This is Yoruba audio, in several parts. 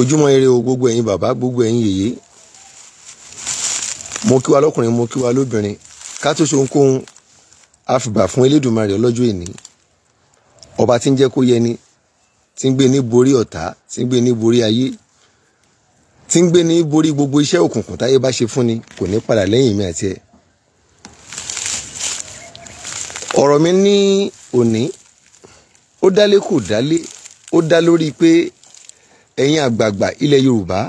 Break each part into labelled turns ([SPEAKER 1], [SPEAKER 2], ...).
[SPEAKER 1] ojúmọ́ ire o gbogbo ẹ̀yin bàbá gbogbo ẹ̀yin yèyé mo kí wa lọ́kùnrin mo kí wa lóbìnrin ká tó ṣe ohunkóhun àfìgbà fún Elédùmarè ọlọ́jọ́ èní ọba tí ń jẹ́ kó yẹni tí ń gbé ní borí ọ̀tá tí ń gbé ní borí ayé tí ń gbé ní borí gbogbo iṣẹ́ òkùnkùn táyé bá ṣe fún ni kò ní padà lẹ́yìn mi àti ẹ̀. ọ̀rọ̀ mi ní òní ó dálé kò dálé ó dá lórí pé ẹ̀yin àgbààgbà ilẹ̀ yorùbá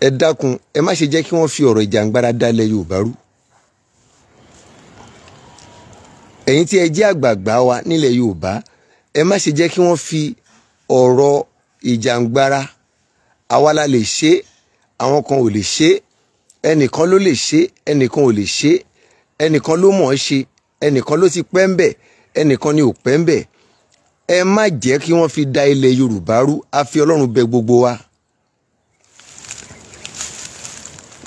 [SPEAKER 1] ẹ dákun ẹ má ṣe jẹ́ kí wọ́n fi ọ̀rọ̀ ìjàngbara dá ilẹ̀ yorùbá rú ẹ̀yin tí ẹ jẹ́ àgbààgbà wa nílẹ̀ yorùbá ẹ má ṣe jẹ́ kí wọ́n fi ọ̀rọ̀ ìjàngbara àwa lè ṣe àwọn kan ò lè ṣe ẹnìkan ló lè ṣe ẹnìkan ò lè ṣe ẹnìkan ló mọ̀ ọ́ ṣe ẹnìkan ló ti pẹ́ ń bẹ̀ ẹnìkan ni ò pẹ́ ń bẹ̀ ẹ má jẹ́ kí wọ́n fi da ilẹ̀ yorùbá rú a fi ọlọ́run bẹ̀ gbogbo wa.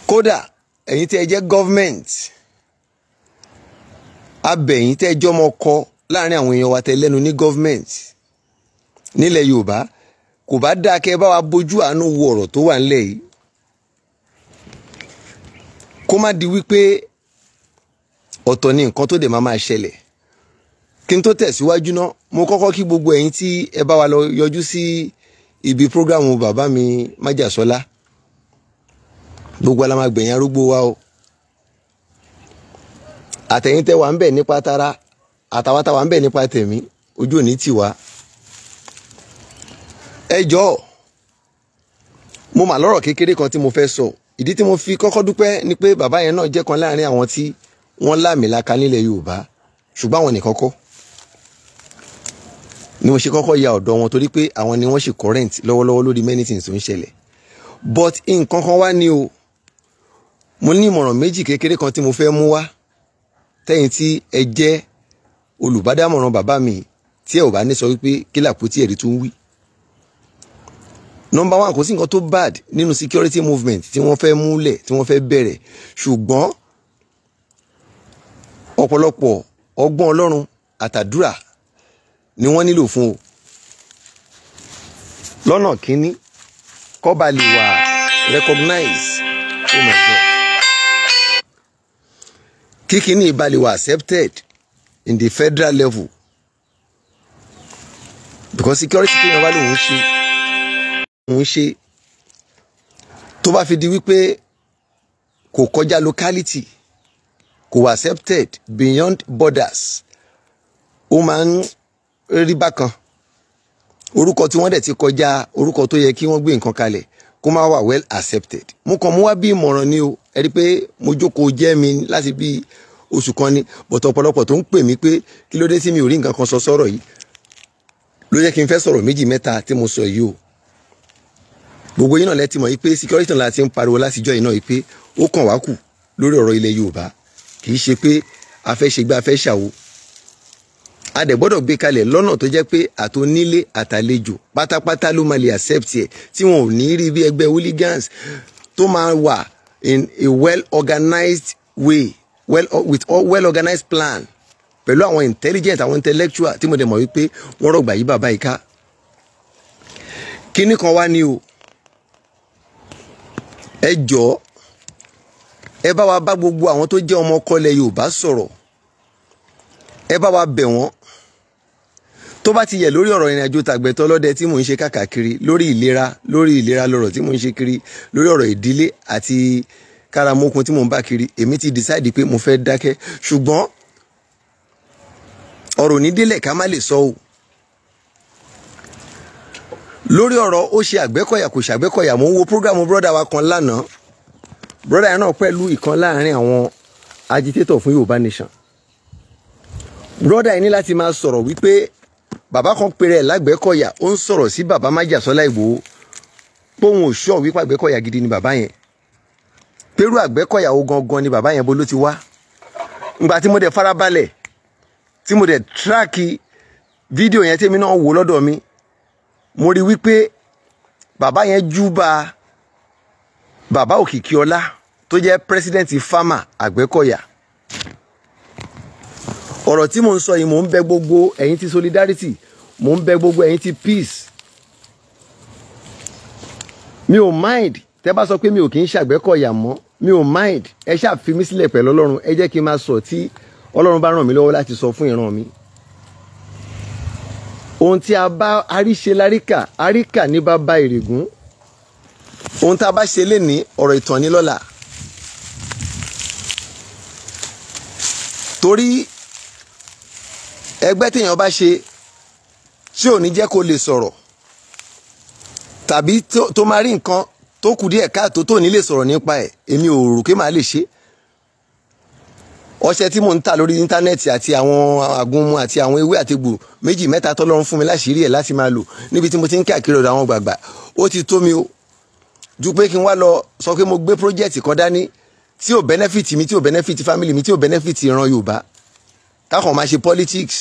[SPEAKER 1] kódà ẹ̀yin tí ẹ jẹ́ gọ́fmẹ̀ntì abẹ̀yìn tẹ́ jọ́mọ kọ láàrin àwọn èèyàn wa tẹ́ lẹ́nu ní gọ́fmẹ̀ntì nílẹ̀ yorùbá kò bá dáa kẹ́ ẹ bá wa bójú àánú wo ọ̀rọ̀ tó wà nílẹ̀ yìí kó má di wípé ọ̀tọ̀ ni nǹkan tó dẹ̀ máa máa ṣẹlẹ̀ kí n tó tẹ̀síwájú náà mo kọ́kọ́ kí gbogbo ẹ̀yin tí ẹ bá wa lọ yọjú sí ibi prógrámù bàbá mi májàsọ́lá gbogbo alamagbẹ̀yìn arúgbó wa o àtẹ̀yìn tẹ́ wà ń bẹ̀ nípa tara àtàwọn táwa ń bẹ̀ nípa tẹ̀mí ojú òní tì wá ẹ jọ mo mà lọ́rọ̀ kékeré kan tí mo fẹ́ sọ ìdí tí mo fi kọ́kọ́ dúpẹ́ ni pé bàbá yẹn náà jẹ́ kan láàrin àwọn tí wọ́n láàmì laka nílẹ̀ yorùbá ṣùgbọ́n àwọn nìkan ni mo ṣe kọ́kọ́ ya ọ̀dọ̀ wọn torí pé àwọn ni wọ́n ṣe current lọ́wọ́lọ́wọ́ lórí many things tó ń ṣẹlẹ̀ but nǹkan kan wá ní o mo ní ìmọ̀ràn méjì kékeré kan tí mo fẹ́ mú wá tẹ́yìn tí ẹ jẹ́ olùbádámọ̀ràn bàbá mi tí ẹ ò bá ní sọ wípé kí làpótí ẹ̀rí tún wí. nọ́mbà one kò sí nǹkan tó bad nínú security movement tí wọ́n fẹ́ múlẹ̀ tí wọ́n fẹ́ bẹ̀rẹ̀ ṣùgbọ́n ọ̀pọ̀lọpọ̀ ọgbọ́n Ọlọ́run àtàdúrà ni wọ́n nílò fún o lọ́nà kínní kọ́ba lè wà recognize oh my god kíkíní ìbá lè wà accepted in the federal level because security tó yẹn wá lòun ṣe òun ṣe tó bá fi di wípé kò kọjá locality kò accepted beyond borders ó máa ń rí bákan orúkọ tí wọ́n dẹ̀ ti kọjá orúkọ tó yẹ kí wọ́n gbé nǹkan kalẹ̀ kó má wà well accepted mo kàn mú wá bí ìmọ̀ràn ni o ẹ rí i pé mo jókòó jẹ́ mi láti bí oṣù kan ni bọ̀tọ̀ ọ̀pọ̀lọpọ̀ tó ń pè mí pé kí ló dé tí mi ò rí nǹkan kan sọ sọ́rọ̀ yìí ló yẹ kí n fẹ́ sọ̀rọ̀ méjì mẹ́ta tí mo sọ yìí o gbogbo yìí náà lẹ́tí mọ̀ pé security náà la ti ń pariwo látijọ́ yìí náà yìí pé ó kàn wá kù lórí ọ̀rọ̀ ilẹ̀ Yorùbá kì í ṣe pé a fẹ́ a dẹ̀ gbọ́dọ̀ gbé kalẹ̀ lọ́nà tó jẹ́ pé àtonílé àtàlejò pátápátá ló máa lè accept ẹ̀ tí wọn ò ní rí bí ẹgbẹ́ hooligans tó máa wà in a well organized way well, with a well organized plan pẹ̀lú àwọn intelligent àwọn intellectual tí mo dẹ̀ mọ̀ wípé wọ́n rọ̀gbà yí bàbá yìí ká kínní kan wá ní o ẹ jọ ẹ bá wa bá gbogbo àwọn tó jẹ́ ọmọ ọkọ Yorùbá sọ̀rọ̀ ẹ bá wa bẹ̀ wọ́n tó bá ti yẹ lórí ọ̀rọ̀ ìrìn àjò tàgbẹ̀tọ̀ lọ́dẹ tí mò ń ṣe kàkàkiri lórí ìlera lórí ìlera lọ́rọ̀ tí mò ń ṣe kiri lórí ọ̀rọ̀ ìdílé àti káramókun tí mò ń bá kiri èmi ti decide pé mo fẹ́ dákẹ́ ṣùgbọ́n ọ̀rọ̀ ní délẹ̀ ká má lè sọ o lórí ọ̀rọ̀ ó ṣe àgbẹ́kọ̀yà kò ṣàgbẹ́kọ̀yà mò ń wo prógrámù brọ́dà wa kan lánàá brọ́dà yẹn náà pẹ̀lú ìkan láàrin àwọn agitator fún Yorùbá nation brọ́dà yẹn ní láti máa sọ̀rọ̀ wípé bàbá kan pèrè ẹ̀ lágbẹ́kọ̀yà ó ń sọ̀rọ̀ sí bàbá májàsọ́lá ìgbòho póun ò ṣọ́ wípé àgbẹ́kọ̀yà gidi ni bàbá yẹn pẹ̀rú àgbẹ́kọ̀yà ó gangan ni bàbá yẹn bó ló ti wá ngbà tí mo dẹ̀ farabalẹ̀ tí mo dẹ̀ tíráàkì fídíò yẹn tèmi náà wò lọ́dọ̀ mi mo rí wípé bàbá yẹn júbà bàbá òkìkí ọlá tó jẹ́ pírẹsidẹ́ǹtì fámà àgbẹ́kọ̀yà ọ̀rọ̀ tí mo ń sọ yìí mò ń bẹ gbogbo ẹ̀yin ti solidarity mo ń bẹ gbogbo ẹ̀yin ti peace mi ò mind tẹ́ bá sọ pé mi ò kì í ṣàgbẹ́kọ̀yà mọ́ mi ò mind ẹ ṣáà fi mí sílẹ̀ pẹ̀lú ọlọ́run ẹ jẹ́ kí n máa sọ tí ọlọ́run bá ràn mí lọ́wọ́ láti sọ fún ìran mi ohun tí a bá àríṣe láríkà àríkà ní bá bá ìrìgún ohun tá a bá ṣe lénìí ọ̀rọ̀ ìtàn ní lọ́la torí ẹgbẹ́ téèyàn bá ṣe tí ò ní jẹ́ kó lè sọ̀rọ̀ tàbí tó máa rí nǹkan tó kù díẹ̀ káàtó tó ní lè sọ̀rọ̀ nípa ẹ̀ èmi ò rò pé màá lè ṣe ọṣẹ tí mò ń tà lórí íńtánẹ́ẹ̀tì àti àwọn àgúnmu àti àwọn ewé àtegbò méjì mẹ́ta tọ́lọ́run fún mi láṣìírí ẹ̀ láti máa lò níbi tí mo ti ń káàkiri ọ̀dọ̀ àwọn gbàgbà ó ti tó mi o ju pé kí n wá lọ sọ pé mo gbé project kan dání tí ò benefit mi tí ò benefit family mi tí ò benefit ìran Yorùbá kákan máa ṣe politics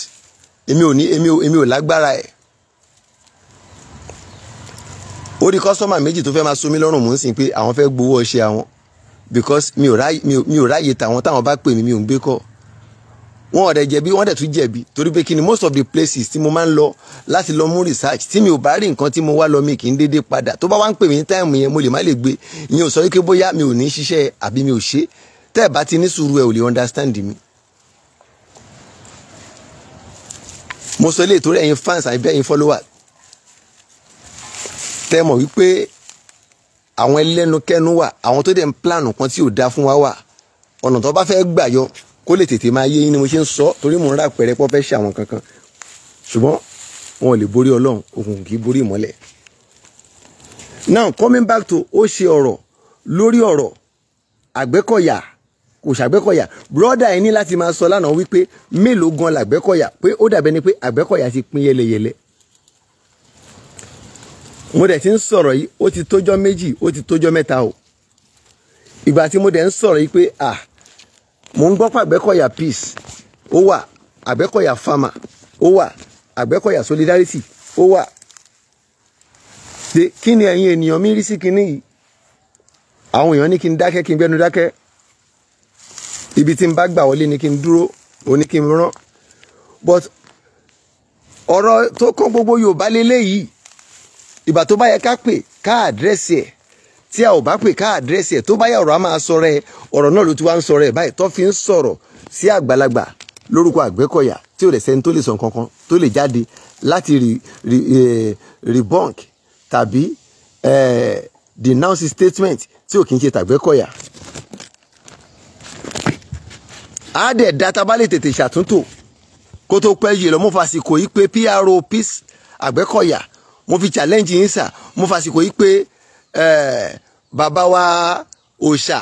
[SPEAKER 1] èmi ò ní èmi ò èmi ò lágbára ẹ̀ ó rí kọ́sọ́mà méjì tó fẹ́ máa somi lọ́rùn mò sìn pé àwọn fẹ́ gbowó ọṣẹ àwọn because mi ò ráyè mi ò ráyè tàwọn táwọn bá pè mí mi ò ń gbé kọ́ wọn ọ̀rẹ́ jẹ̀bi wọ́n dẹ̀ tún jẹ̀bi torí pé kí ni most of the places tí mo máa ń lọ láti lọ mú research tí mi ò bá rí nǹkan tí mo wá lọ mi kì í déédéé padà tó bá wá ń pè mí ní táìmù yẹn mo lè má lè gbé ìyẹn ò sọ wípé bóyá mi ò ní ṣiṣẹ́ àbí mi ò ṣe tẹ́ bá ti ní sùúrù ẹ̀ ò lè understand mi. mo sọ eléyìí torí ẹ̀yin fans àbí ẹ̀yin followers tẹ́ mọ̀ wípé àwọn ẹlẹ́nukẹ́nu wà àwọn tó dẹ̀ ń plan kan tí ò da fún wa wà ọ̀nà tó bá fẹ́ gbà yọ kó lè tètè máa yé yín ni mo ṣe ń sọ torí mò ń rà pẹ̀rẹ́ pọ́ fẹ́ ṣe àwọn kankan ṣùgbọ́n wọn ò lè borí ọlọ́run òkùnkùn kì í borí ìmọ́lẹ̀ now coming back to ó ṣe ọ̀rọ̀ lórí ọ̀rọ̀ àgbẹ́kọ̀yà kò ṣàgbẹ́kọ̀yà brọ́dà ẹ ní láti máa sọ lánàá wípé mélòó gan làgbẹ́kọ̀yà pé ó dàbẹ́ ni pé àgbẹ́kọ̀yà ti pín yẹlẹyẹlẹ. mo dẹ̀ ti ń sọ̀rọ̀ yìí ó ti tójọ́ méjì ó ti tójọ́ mẹ́ta o ìgbà tí mo dẹ̀ ń sọ̀rọ̀ yìí pé à mo ń gbọ́ àgbẹ́kọ̀yà peace ó wà àgbẹ́kọ̀yà farmer ó wà àgbẹ́kọ̀yà solidarity ó wà kí ni ẹ̀yin ènìyàn mi rí sí kinní yìí àwọn èèyàn ní kí n dákẹ́ kí n gbẹnu dákẹ́ ibi tí n bá gbà wọlé ni kí n dúró ó ní kí n rán but ọ̀rọ̀ tó kọ́ gbogbo Yorùbá lélẹ́yìí ìgbà tó bá yẹ ká pè ká àdírẹ́sì ẹ̀ tí a ò bá pè ká àdírẹ́sì ẹ̀ tó bá yẹ ọ̀rọ̀ á máa sọ̀rọ̀ ẹ̀ ọ̀rọ̀ náà ló ti wá ń sọ̀rọ̀ ẹ̀ báyìí tó fi ń sọ̀rọ̀ sí àgbàlagbà lórúkọ Àgbẹ̀kọ̀yà tí ò lè sẹ́ni tó lè sọ nǹkan tó lè jáde láti eh, rebunk tàbí eh, denounce statement tí ò kì í ṣe tÀgbẹ̀kọ̀yà á dẹ̀ da tá a bá lè tètè ṣàtúntò kó tó pẹ́ yìí lọ mo fàsìkò yìí pé pro peace àgbẹ̀kọ̀yà mo fi challenge yín sà mo fàsìkò yìí pé eh, bàbá òòṣà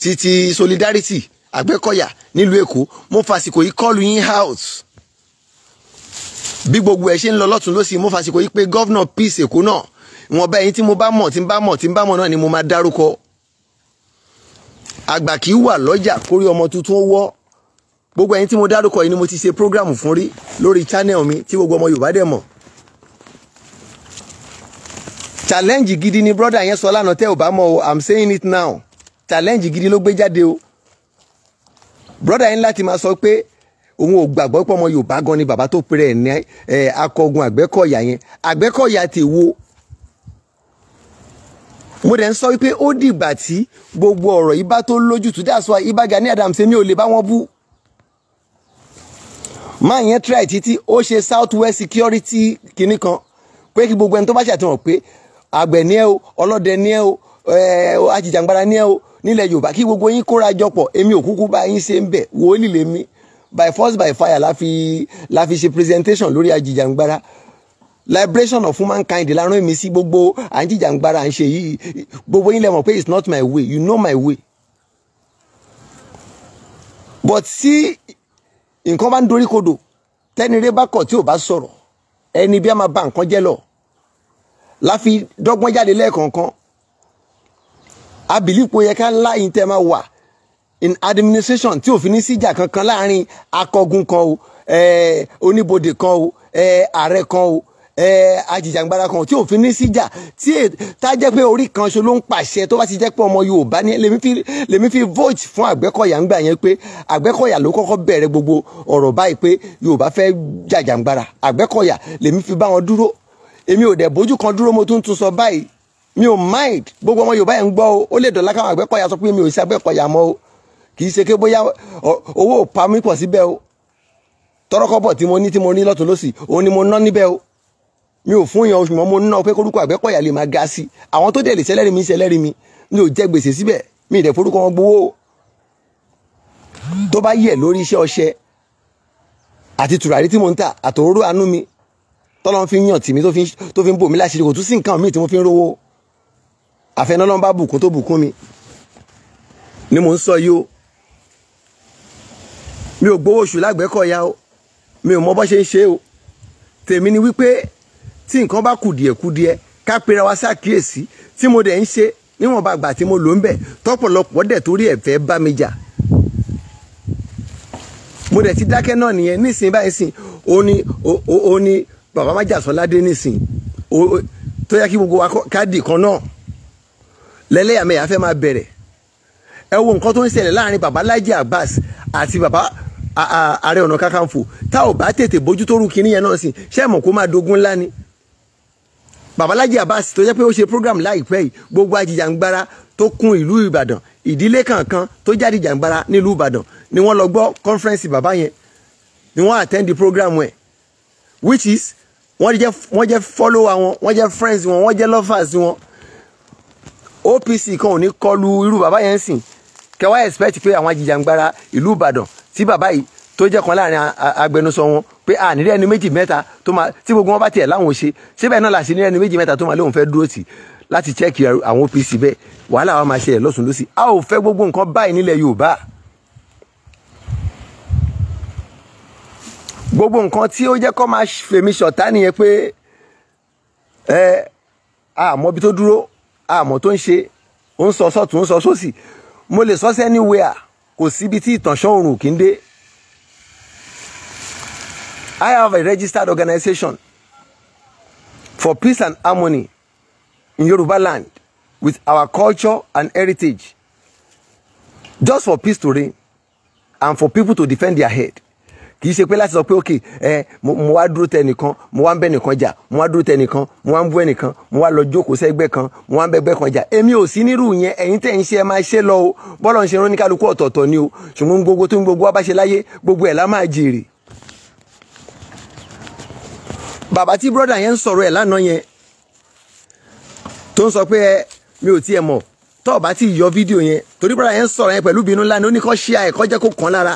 [SPEAKER 1] títí solidarity àgbẹ̀kọ̀yà nílùú èkó mo fàsìkò yìí call yín house bí gbogbo ẹ̀ ṣe ń lọ lọ́tún lọ́sìn mo fàsìkò yìí pé gọ́vnà peace èkó náà ìwọ̀nba ẹ̀yìn tí mo bá mọ̀ tí n bá mọ̀ tí n bá mọ̀ náà ni mo máa dárúkọ àgbà kì í wà lọ́jà kórí ọmọ tuntun wọ́ gbogbo ẹ̀yin tí mo dárúkọ yìí ni mo ti ṣe prógrámù fún rí lórí channel mi tí gbogbo ọmọ Yorùbá dẹ̀ mọ̀ challenge gidi ni brother, yẹn sọ lánàá tẹ́ ò bá mọ̀ o i'm saying it now challenge gidi ló gbé jáde o broda yẹn láti máa sọ pé òun ò gbàgbọ́ pé ọmọ Yorùbá gan ni bàbá tó pèrè ẹ̀ ní akọgun Àgbẹ̀kọ̀yà yẹn Àgbẹ̀kọ̀yà ti wo mo dẹ̀ ń sọ wípé ó dìgbà tí gbogbo ọ̀rọ̀ ibà tó lójútùú that's why Ìbà Gani Adams èmi ò lè bá wọn bú máa yẹn try títí ó ṣe south west security kinní kan pé kí gbogbo ẹni tó bá ṣàtìwọ̀n pé àgbẹ̀ ni ẹ o ọlọ́dẹ ni ẹ o eh, ajìjàngbara ni ẹ o nílẹ̀ Yorùbá kí gbogbo yín kóra jọpọ̀ èmi ò bá yín ṣe ń bẹ̀ wòólì lèmi by force by fire la fi la fi ṣe presentation lórí ajìjàngbara liberation of human kind. la rán mi sí gbogbo à ń jìjàngbara à ń ṣe yìí gbogbo yín lẹ mọ̀ pé it's not my way you know my way but tí nǹkan bá ń dorí kodo? tẹ́nire bá kọ̀ tí ò bá sọ̀rọ̀ ẹni bí a máa bà nǹkan jẹ́ lọ láfi dọ́gbọ́n jáde lẹ́ẹ̀kọ̀ọ̀kan abilipo yẹ ká láyìn tẹ́ máa wà in administration tí òfin ní síjà kankan láàrin akọgun kan o eh, oníbodè kan o eh, ààrẹ kan o ajìjàngbara kan tí òfin ní síjà tí tá jẹ́ pé orí kan ṣo ló ń pàṣẹ tó bá ti jẹ́ pé ọmọ Yorùbá ní lèmi fi vote fún Àgbẹ̀kọ̀yà ń gbà yẹn pé Àgbẹ̀kọ̀yà ló kọ́kọ́ bẹ̀rẹ̀ gbogbo ọ̀rọ̀ báyìí pé Yorùbá fẹ́ jàjàngbara Àgbẹ̀kọ̀yà lèmi fi bá wọn dúró èmi ò dẹ̀ bójú kan dúró mo tún tún sọ báyìí mi ò mind gbogbo ọmọ Yorùbá yẹn ń gbọ́ o ó lè dọ̀la káwọn Àgbẹ̀kọ̀yà sọ pé mi ò sí Àgbẹ̀kọ̀yà mọ́ o kì í ṣe pé bóyá owó ò pa mí pọ̀ síbẹ̀ o tọ́rọ́kọ́bọ̀ tí mo ní tí mo ní lọ́tún lọ́sì òun ni mo ná níbẹ̀ o mi ò fún yan oṣù mọ́ mo ná pé korúkọ Àgbẹ̀kọ̀yà lè máa ga sí àwọn tó dẹ̀ lè ṣẹlẹ́rìí mi ṣẹlẹ́rìí mi mi ò jẹ gbèsè síbẹ̀ mi ì dẹ̀ forúkọ wọn gbowó tó bá yẹ lórí iṣẹ́ ọṣẹ àti tùràrí tí mo ń tà àtòróró àánú mi tọ́lọ́ fi yàn tì mí tó fi ń bò mí láṣìírí kò tún sí nǹkan míì tí mo fi ń rówó àfẹnulọ́n bá bùkún tó bùkún mi ni mo ń sọ yìí o mi ò gbowó oṣù lágbẹ́kọ̀ọ́yà o mi ò mọ bó ṣe ń ṣe o tèmi ni wípé tí nǹkan bá kùdìẹ̀kudiẹ ká pera wa ṣàkíyèsí tí mo dẹ̀ ń ṣe níwọ̀nba àgbà tí mo lò ń bẹ̀ tọ́pọ̀lọpọ̀ dẹ̀ torí ẹ̀ fẹ́ bá mi jà mo dẹ̀ ti dákẹ́ náà nìyẹn nísìn báyìí sìn ó ní ó ní bàbá Májàsọ́ládé nísìn tó yẹ kí gbogbo wa ká dì kan náà lẹ́lẹ́yàmẹ̀yà fẹ́ máa bẹ̀rẹ̀ ẹ wo nǹkan tó ń ṣẹlẹ̀ láàrin bàbá Laji Abbas àti bàbá Ààrẹ Ọ̀nà Kakanfò tá ò bá tètè bójútó rú kinní yẹn náà sìn ṣé mọ̀ kó máa dogun ńlá ni babalaji abbas tó jẹ́ pé ó ṣe program láìpẹ́ yìí gbogbo ajìjàngbara tó kún ìlú ìbàdàn ìdílé kankan tó jáde jàǹgbara nílùú ìbàdàn ni wọ́n lọ gbọ́ conference bàbá yẹn ni wọ́n attend the program ẹ̀ which is wọ́n jẹ́ wọ́n jẹ́ follower wọn wọ́n jẹ́ friends wọn wọ́n jẹ́ lovers wọn OPC kan ò ní kọlu irú bàbá yẹn sìn kẹwàá expect pé àwọn ajìjàngbara ìlú ìbàdàn tí bàbá yìí tó jẹ́ kan láàrin agbẹnusọ wọn pé a nílẹ̀ ẹni méjì mẹ́ta tó máa tí gbogbo wọn bá tiẹ̀ láwọn ṣe síbẹ̀ náà làṣẹ nílẹ̀ ẹni méjì mẹ́ta tó máa lóun fẹ́ dúró sí láti chẹ́ẹ̀kì àwọn OPC bẹ́ẹ̀ wàhálà wa máa ṣe ẹ̀ lọ́sùn lọ́sì a ò fẹ́ gbogbo nǹkan báyìí nílẹ̀ Yorùbá gbogbo nǹkan tí ó jẹ́ kó máa fèmí ṣọ̀tá nìyẹn pé ẹ àmọ́ bí tó dúró àmọ́ tó ń ṣe ó ń sọ sọ́tún ó ń sọ sósì mo lè sọ sẹ́niwẹ̀à kò síbi tí ìtànṣán òrùn kì í dé I have a registered organization for peace and harmony in Yoruba land with our culture and heritage. Just for peace to reign and for people to defend their head. kì í ṣe pé láti sọ pé okay ẹ mo wá dúró tẹnìkan mo wá ń bẹ nìkan jà mo wá dúró tẹnìkan mo wá ń bú ẹnìkan mo wá lọ jókòó sẹ́gbẹ́ kan mo wá ń bẹgbẹ́ kan jà èmi ò sí nírú yẹn ẹ̀yin tẹ́ ń ṣe ẹ máa ṣe lọ o bọ́lọ̀ ń ṣe rán ní kálukú ọ̀tọ̀ọ̀tọ̀ ni o ṣùgbọ́n gbogbo tó ń gbogbo wa bá ṣe láyé gbogbo ẹ̀ la máa jèrè bàbá tí brọ́dà yẹn ń sọ̀rọ̀ ẹ̀ lánàá yẹn tó ń sọ pé ti mi ò tiẹ̀ mọ̀ tọ́ọ̀ bá ti yọ fídíò yẹn torí brọ́dà yẹn ń sọ̀rọ̀ yẹn pẹ̀lú bínú ńlá ni ó ní kọ́ ṣíà ẹ̀ kọ́ jẹ́ kó kàn lára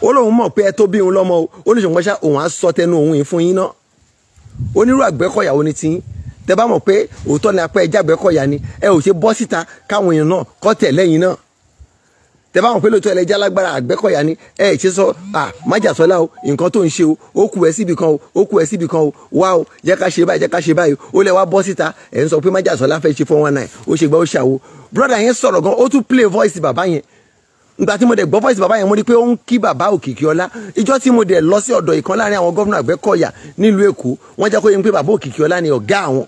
[SPEAKER 1] ó lóun mọ̀ pé ẹ tó bí òun lọ́mọ ó ní ṣùgbọ́n ṣá òun á sọ tẹnu òun yìí fún yín ná onírú àgbẹ̀kọ̀yà ó ní tiyín tẹ bá mọ̀ pé òótọ́ ni apá ẹja àgbẹ̀kọ̀yà ni ẹ ò ṣe bọ́ síta káwọn èèyàn náà kọ́ tẹ̀ lẹ́yìn náà tẹ bá wọn pé lóòótọ́ ẹlẹ́jà lágbára àgbẹ́kọ̀yà ni ẹ ṣe sọ à májàsọ́lá o nǹkan tó ń ṣe o ó kù ẹ síbi kan o ó kù ẹ síbi kan o wá o jẹ́ ká ṣe báyìí jẹ́ ká ṣe báyìí o lẹ wá bọ́ síta ẹ̀ ń sọ pé májàsọ́lá fẹ́ ṣe four one nine ó ṣe gbọ́ ó ṣàwo brother yẹn sọ̀rọ̀ gan ó tún play voice bàbá yẹn ìgbà tí mo dẹ̀ gbọ́ voice bàbá yẹn mo rí pé ó ń kí bàbá òkìkí ọlá ìjọ tí mo dẹ̀ lọ sí ọ̀dọ̀ ìkan láàrin àwọn gómìnà àgbẹ̀kọ̀yà nílùú èkó wọ́n jẹ́ kó yẹ pé bàbá òkìkí ọlá ni ọ̀gá àwọn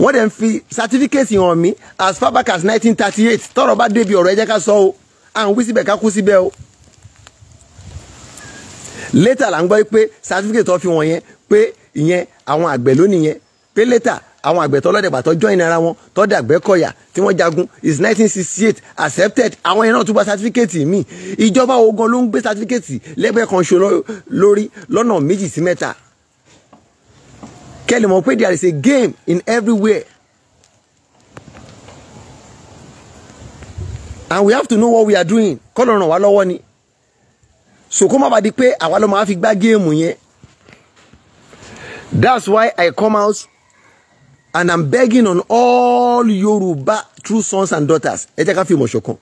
[SPEAKER 1] wọ́n dẹ̀ ń fi certificate hàn mí as far back as 1938 tọ́rọ̀ bá débi ọ̀rọ̀ ẹ jẹ́ ká sọ o à ń wí síbẹ̀ ká kú síbẹ̀ o. later là ń gbọ́ pé certificate tó fi wọ̀n yẹn pé ìyẹn àwọn àgbẹ̀ lónìí yẹn pé later àwọn àgbẹ̀ tó lọ́dẹ̀gbà tó join ara wọn tó dàgbẹ́ kọ̀yà tí wọ́n jagun is 1968 accepted àwọn yẹn náà tún gba sátífíkẹ́ẹ̀tì míì ìjọba ogun ló ń gbé certificate lẹ́gbẹ̀ẹ́ kan ṣo lórí lọ́nà méjì sí mẹ́ta kẹ́lì mọ̀ pé there is a game in everywhere and we have to know what we are doing kọ́lọ̀ ràn wá lọ́wọ́ ni so kó má bàa di pé àwa ló máa fi gbá géèmù yẹn that's why I come out and I'm begging on all Yoruba true sons and daughters ẹ jẹ́ ká fi ìmọ̀ ṣọ̀kan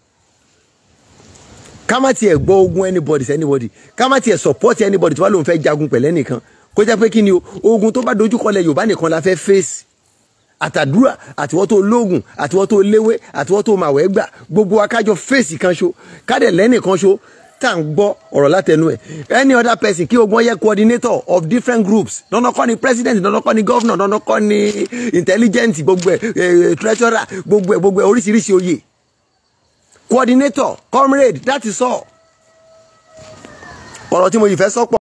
[SPEAKER 1] ká má tiẹ̀ gbọ́ ogun anybody anybody ká má tiẹ̀ support anybody tí wọ́n lòun fẹ́ jagun pẹ̀lẹ́ nìkan kó jẹ́ pé kí ni o ogun tó bá dojúkọlẹ̀ yorùbá nìkan la fẹ́ fèsì àtàdúrà àtiwọ́ tó lóògùn àtiwọ́ tó léwé àtiwọ́ tó màwẹ́ gbà gbogbo wa fèsì kan ṣo kádẹ̀ lẹ́nì kan ṣo tá à ń gbọ́ ọ̀rọ̀ látẹnu ẹ̀ any other person kí ogun ọyẹ coordinator of different groups dandan kọ́ ni president dandan kọ́ ni governor dandan kọ́ ni intelligence gbogbo ẹ̀ treasurer gbogbo ẹ̀ gbogbo ẹ̀ oríṣiríṣi oyè coordinator comrade that is all ọ̀rọ̀ tí mo yìí fẹ́ sọ pọ̀.